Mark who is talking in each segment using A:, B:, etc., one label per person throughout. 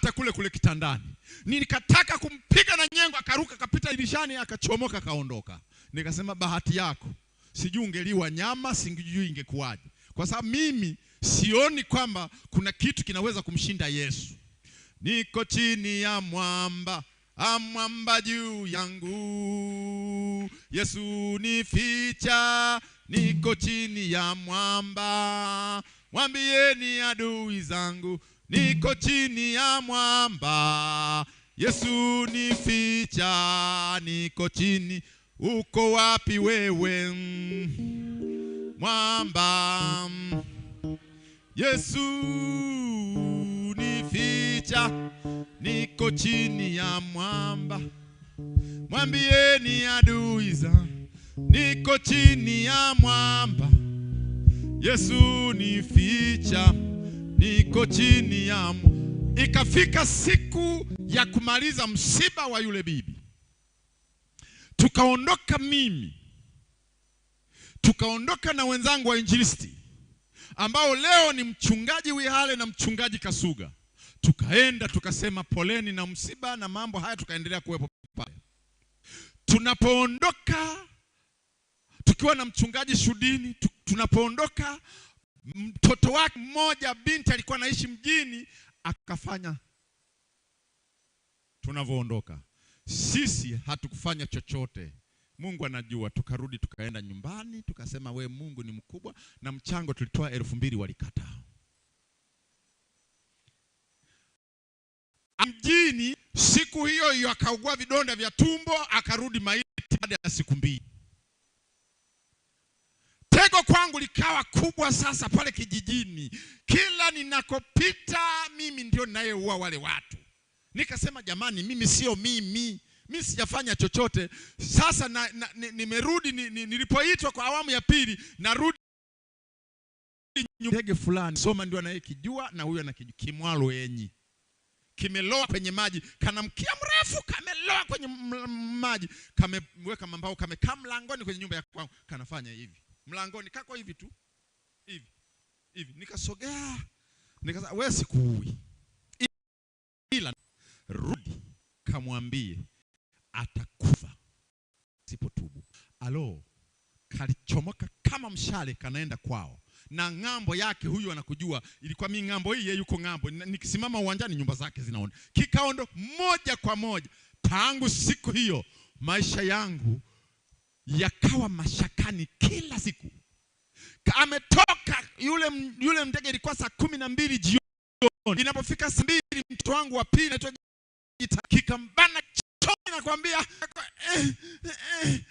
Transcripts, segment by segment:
A: hata kule kule kitandani. Nikataka kumpiga na nyengo, akaruka akapita dirishani, akachomoka akaondoka. Nikasema bahati yako, sijui ungeliwa nyama, sijui ingekuwaje, kwa sababu mimi sioni kwamba kuna kitu kinaweza kumshinda Yesu. Niko chini ya mwamba amwamba juu yangu, Yesu nificha. Niko chini ya mwamba, mwambieni adui zangu niko chini ya mwamba, Yesu nificha, niko chini. Uko wapi wewe mwamba? Yesu nificha, niko chini ya mwamba. Mwambieni adui za niko chini ya mwamba. Yesu nificha niko chini ya. Ikafika siku ya kumaliza msiba wa yule bibi, tukaondoka mimi, tukaondoka na wenzangu wa injilisti ambao leo ni mchungaji Wihale na mchungaji Kasuga, tukaenda tukasema poleni na msiba na mambo haya, tukaendelea kuwepo pale. Tunapoondoka tukiwa na mchungaji Shudini, tunapoondoka mtoto wake mmoja binti alikuwa anaishi mjini akafanya tunavyoondoka sisi hatukufanya chochote. Mungu anajua. Tukarudi tukaenda nyumbani tukasema, we Mungu ni mkubwa, na mchango tulitoa elfu mbili walikataa. Mjini siku hiyo hiyo akaugua vidonda vya tumbo, akarudi maiti baada ya siku mbili. Lengo kwangu likawa kubwa sasa pale kijijini, kila ninakopita mimi ndio ninayeua wale watu. Nikasema jamani, mimi sio mimi, mimi sijafanya chochote. Sasa na, na, nimerudi ni, ni, nilipoitwa kwa awamu ya pili, narudi ndege fulani soma ndio anayekijua na huyo anakijua, kimwalo yenyi kimeloa kwenye maji, kana mkia mrefu, kameloa kwenye maji, kameweka mambao, kamekaa mlangoni kwenye nyumba ya kwangu, kanafanya hivi mlangoni kako hivi tu hivi hivi, nikasogea nikasema, wewe sikuui, ila rudi kamwambie atakufa sipotubu. Alo, kalichomoka kama mshale, kanaenda kwao na ng'ambo yake huyu anakujua, ilikuwa mi ng'ambo hii, yeye yuko ng'ambo. Nikisimama uwanjani, nyumba zake zinaona. Kikaondo moja kwa moja. Tangu siku hiyo maisha yangu yakawa mashakani kila siku. Ametoka yule, yule mtege, ilikuwa saa kumi na mbili jioni. Inapofika saa mbili mtoto wangu wa pili anaitwa kikambana choni, nakwambia eh, eh, eh,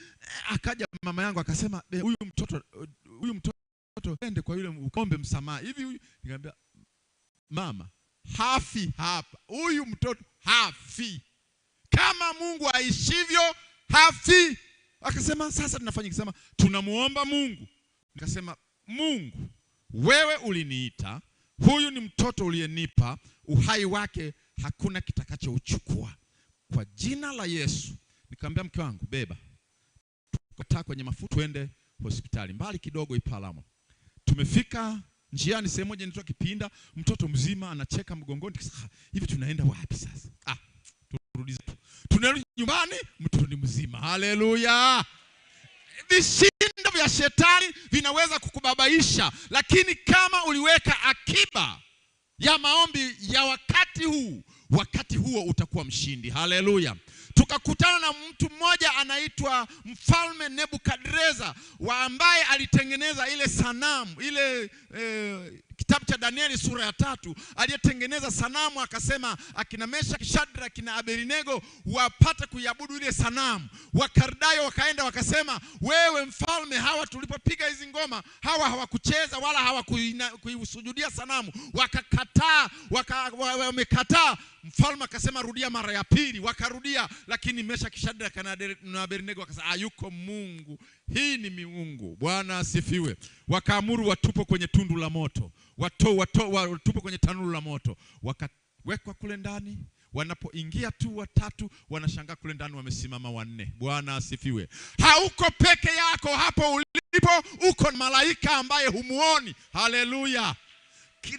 A: akaja mama yangu akasema, eh, huyu mtoto huyu mtoto ende kwa yule ukombe msamaha hivi huyu. Nikamwambia mama, hafi hapa, huyu mtoto hafi, kama Mungu aishivyo hafi. Akasema sasa tunafanya kisema tunamuomba Mungu. Nikasema Mungu, wewe uliniita, huyu ni mtoto uliyenipa, uhai wake hakuna kitakachouchukua. Kwa jina la Yesu, nikamwambia mke wangu, beba tukata kwenye mafuta twende hospitali mbali kidogo Ipalamo. Tumefika njiani, sehemu moja inaitwa Kipinda, mtoto mzima anacheka mgongoni. Ah, hivi tunaenda wapi sasa? Ah, turudi zetu tunarudi nyumbani, mtu ni mzima. Haleluya! Vishindo vya shetani vinaweza kukubabaisha, lakini kama uliweka akiba ya maombi ya wakati huu, wakati huo utakuwa mshindi. Haleluya! Tukakutana na mtu mmoja anaitwa mfalme Nebukadreza wa ambaye alitengeneza ile sanamu ile eh, kitabu cha Danieli sura ya tatu, aliyetengeneza sanamu akasema akina Meshaki, Shadraka, kina Abednego wapate kuiabudu ile sanamu. Wakardayo wakaenda wakasema, wewe mfalme, hawa tulipopiga hizi ngoma hawa hawakucheza wala hawakuisujudia sanamu, wakakataa, wamekataa waka, Mfalme akasema rudia mara ya pili, wakarudia, lakini Meshaki, Shadraka na Abednego akasema, ayuko Mungu hii ni miungu. Bwana asifiwe. Wakaamuru watupwe kwenye tundu la moto, wato, wato, watupwe kwenye tanuru la moto, wakawekwa kule ndani wanapoingia tu watatu, wanashangaa kule ndani wamesimama wanne. Bwana asifiwe. Hauko peke yako hapo ulipo, uko malaika ambaye humuoni. Haleluya.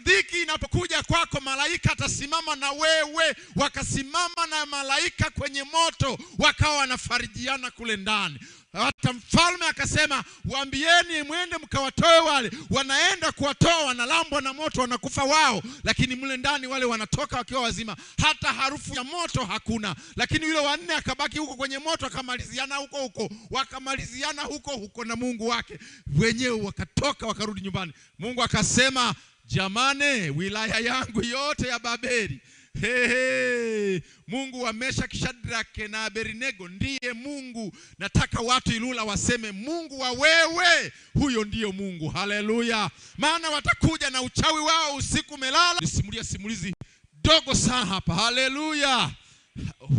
A: Dhiki inapokuja kwako, malaika atasimama na wewe. Wakasimama na malaika kwenye moto, wakawa wanafarijiana kule ndani. Hata mfalme akasema, waambieni mwende mkawatoe wale. Wanaenda kuwatoa, wanalambwa na moto, wanakufa wao, lakini mle ndani wale wanatoka wakiwa wazima, hata harufu ya moto hakuna. Lakini yule wanne akabaki huko kwenye moto, akamaliziana huko huko, wakamaliziana huko huko na Mungu wake wenyewe, wakatoka wakarudi nyumbani. Mungu akasema, jamani, wilaya yangu yote ya Babeli Hey, hey. Mungu wa Meshaki, Shadrake na Abednego ndiye Mungu. Nataka watu Ilula waseme Mungu wa wewe, huyo ndiyo Mungu. Haleluya! Maana watakuja na uchawi wao usiku melala. Nisimulia simulizi dogo sana hapa. Haleluya!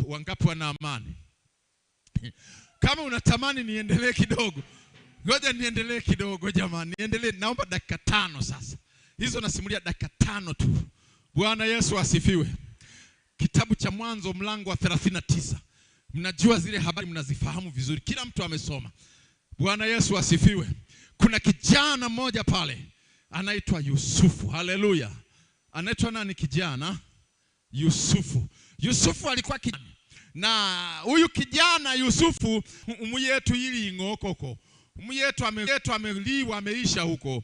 A: Wangapi wana amani? Kama unatamani niendelee kidogo, ngoja niendelee kidogo jamani, niendelee. Naomba dakika tano sasa, hizo nasimulia dakika tano tu. Bwana Yesu asifiwe kitabu cha Mwanzo mlango wa 39. Mnajua zile habari, mnazifahamu vizuri, kila mtu amesoma. Bwana Yesu asifiwe. Kuna kijana mmoja pale anaitwa Yusufu. Haleluya! anaitwa nani kijana? Yusufu. Yusufu alikuwa kijana, na huyu kijana Yusufu umuyetu ili ing'okoko myetu ameletwa ameliwa ameisha huko,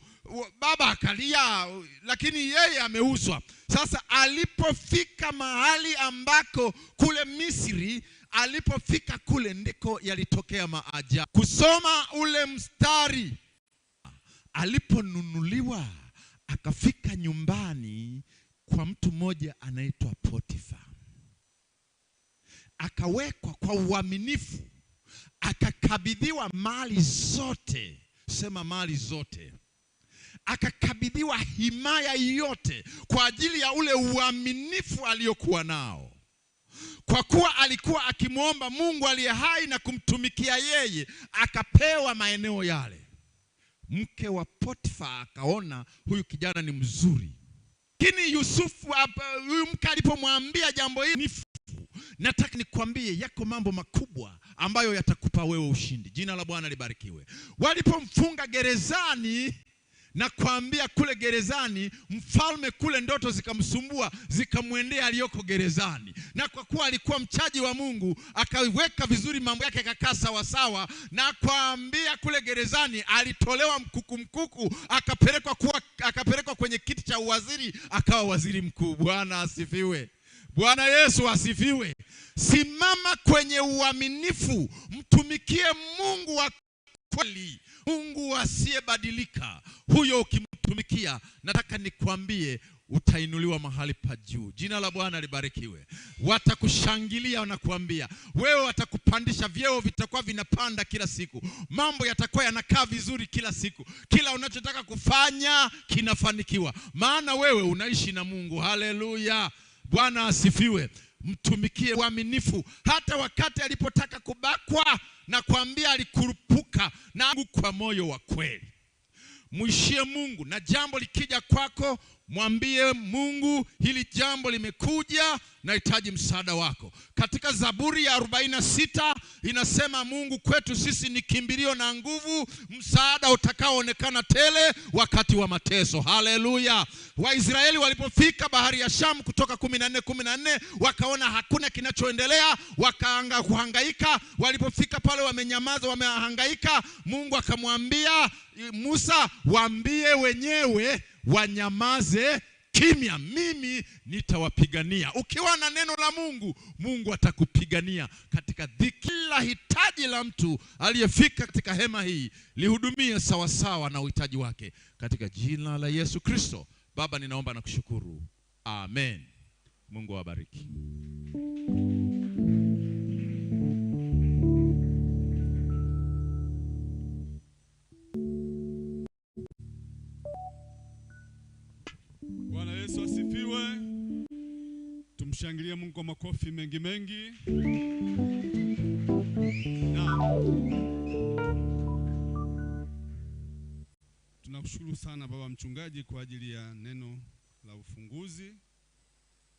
A: baba akalia, lakini yeye ameuzwa. Sasa alipofika mahali ambako kule Misri, alipofika kule ndiko yalitokea maaja Kusoma ule mstari, aliponunuliwa akafika nyumbani kwa mtu mmoja anaitwa Potifa, akawekwa kwa uaminifu akakabidhiwa mali zote, sema mali zote, akakabidhiwa himaya yote kwa ajili ya ule uaminifu aliyokuwa nao kwa kuwa alikuwa akimwomba Mungu aliye hai na kumtumikia yeye, akapewa maeneo yale. Mke wa Potifa akaona huyu kijana ni mzuri, lakini Yusufu, uh, huyu mke alipomwambia jambo hili, Nataka nikwambie yako mambo makubwa ambayo yatakupa wewe ushindi. Jina la Bwana libarikiwe. Walipomfunga gerezani na kuambia kule gerezani, mfalme kule, ndoto zikamsumbua zikamwendea aliyoko gerezani, na kwa kuwa alikuwa mchaji wa Mungu akaweka vizuri mambo yake akakaa sawasawa, na kuambia kule gerezani, alitolewa mkuku mkuku, akapelekwa kuwa akapelekwa kwenye kiti cha uwaziri, akawa waziri mkuu. Bwana asifiwe. Bwana Yesu asifiwe. Simama kwenye uaminifu, mtumikie Mungu wa kweli, Mungu asiyebadilika. Huyo ukimtumikia, nataka nikwambie utainuliwa mahali pa juu. Jina la Bwana libarikiwe. Watakushangilia, wanakuambia wewe, watakupandisha vyeo, vitakuwa vinapanda kila siku, mambo yatakuwa yanakaa vizuri kila siku, kila unachotaka kufanya kinafanikiwa, maana wewe unaishi na Mungu. Haleluya! Bwana asifiwe. Mtumikie uaminifu, hata wakati alipotaka kubakwa na kuambia alikurupuka na kwa moyo wa kweli. Mwishie Mungu, na jambo likija kwako Mwambie Mungu, hili jambo limekuja, nahitaji msaada wako. Katika Zaburi ya 46 inasema, Mungu kwetu sisi ni kimbilio na nguvu, msaada utakaoonekana tele wakati wa mateso. Haleluya! Waisraeli walipofika bahari ya Shamu kutoka kumi na nne kumi na nne wakaona hakuna kinachoendelea, wakaanga kuhangaika. Walipofika pale wamenyamaza, wamehangaika. Mungu akamwambia Musa, waambie wenyewe wanyamaze kimya, mimi nitawapigania. Ukiwa na neno la Mungu, Mungu atakupigania katika Kila hitaji la mtu aliyefika katika hema hii lihudumie sawasawa na uhitaji wake, katika jina la Yesu Kristo. Baba, ninaomba na kushukuru, amen. Mungu awabariki. Yesu asifiwe. Tumshangilie Mungu kwa makofi mengi mengi. Na tunakushukuru sana baba mchungaji kwa ajili ya neno la ufunguzi,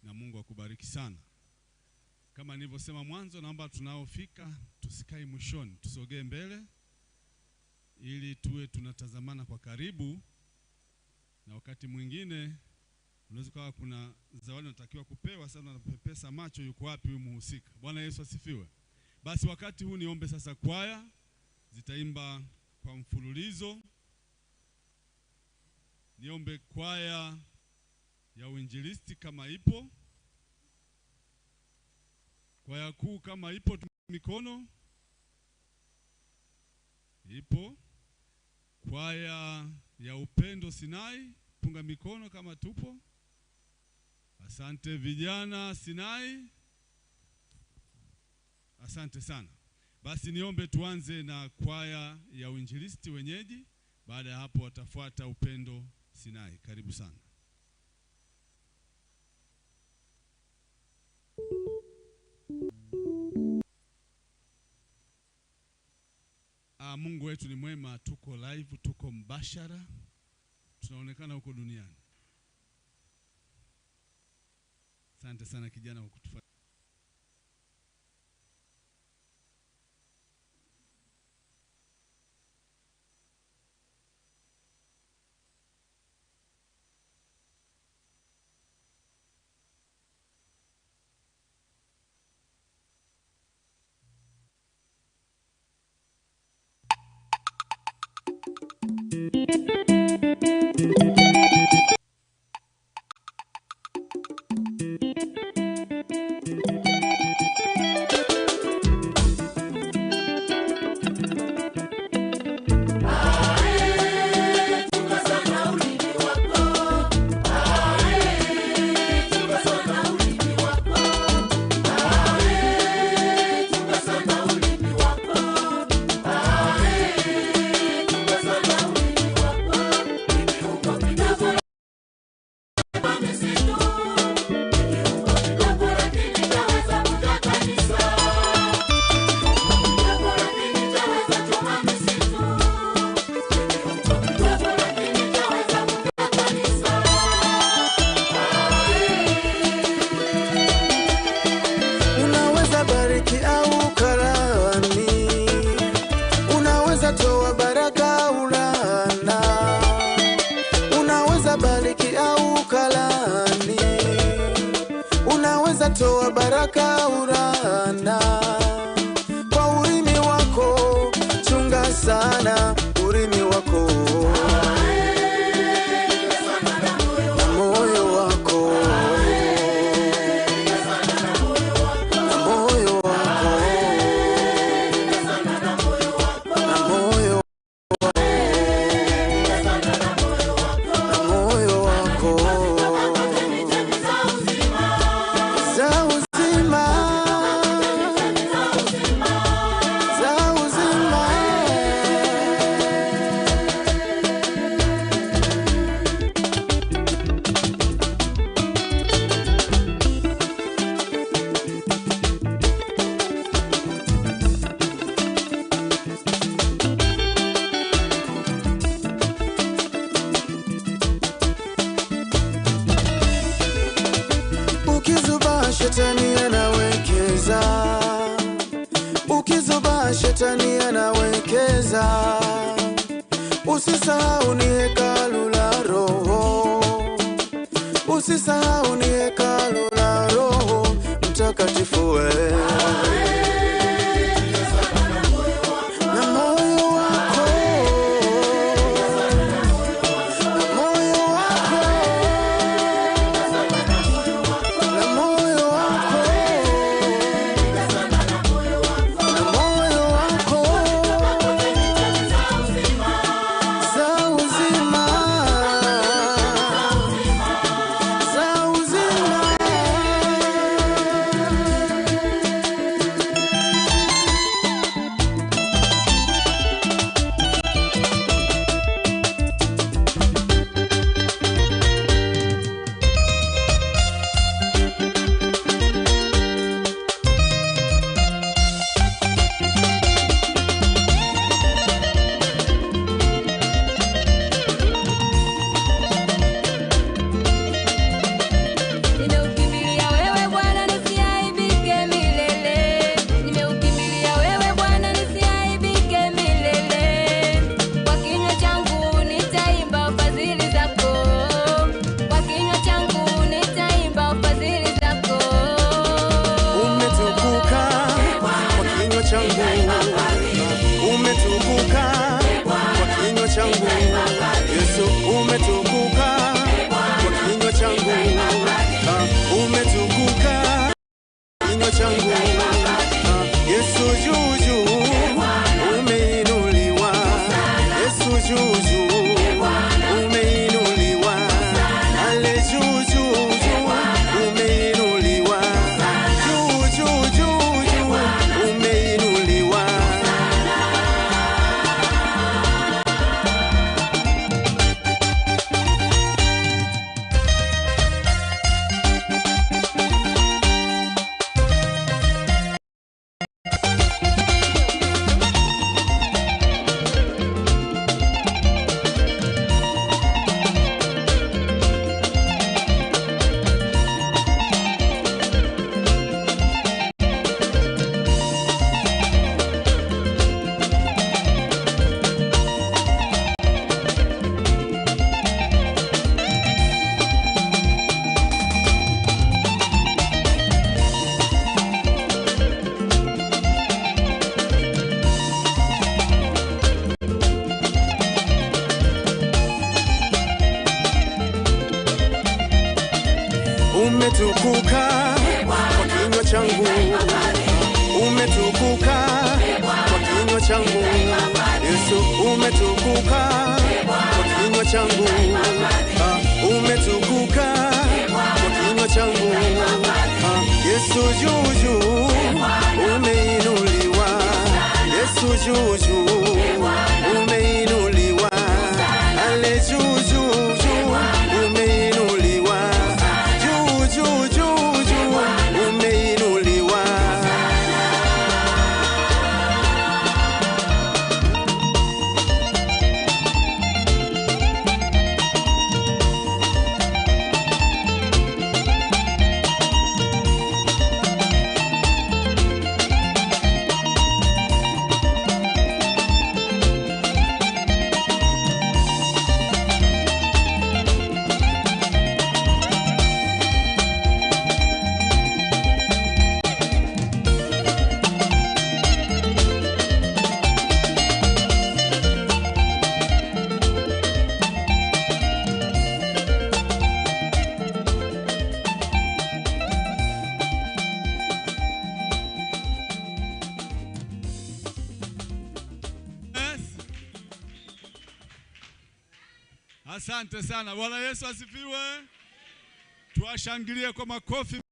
A: na Mungu akubariki sana. Kama nilivyosema mwanzo, naomba tunaofika tusikae mwishoni, tusogee mbele ili tuwe tunatazamana kwa karibu na wakati mwingine unaweza kuwa kuna zawadi unatakiwa kupewa, sasa unapepesa macho, yuko wapi huyu mhusika? Bwana Yesu asifiwe. Basi wakati huu niombe sasa, kwaya zitaimba kwa mfululizo. Niombe kwaya ya uinjilisti kama ipo, kwaya kuu kama ipo, mikono ipo. Kwaya ya upendo Sinai, punga mikono kama tupo. Asante vijana Sinai, asante sana. Basi niombe tuanze na kwaya ya uinjilisti wenyeji. Baada ya hapo, watafuata upendo Sinai. Karibu sana. Ah, Mungu wetu ni mwema, tuko live, tuko mbashara, tunaonekana huko duniani. Asante sana kijana kwa kutufanya kaurana Kwa ulimi wako chunga sana Asante sana. Bwana Yesu asifiwe. Tuwashangilie kwa makofi.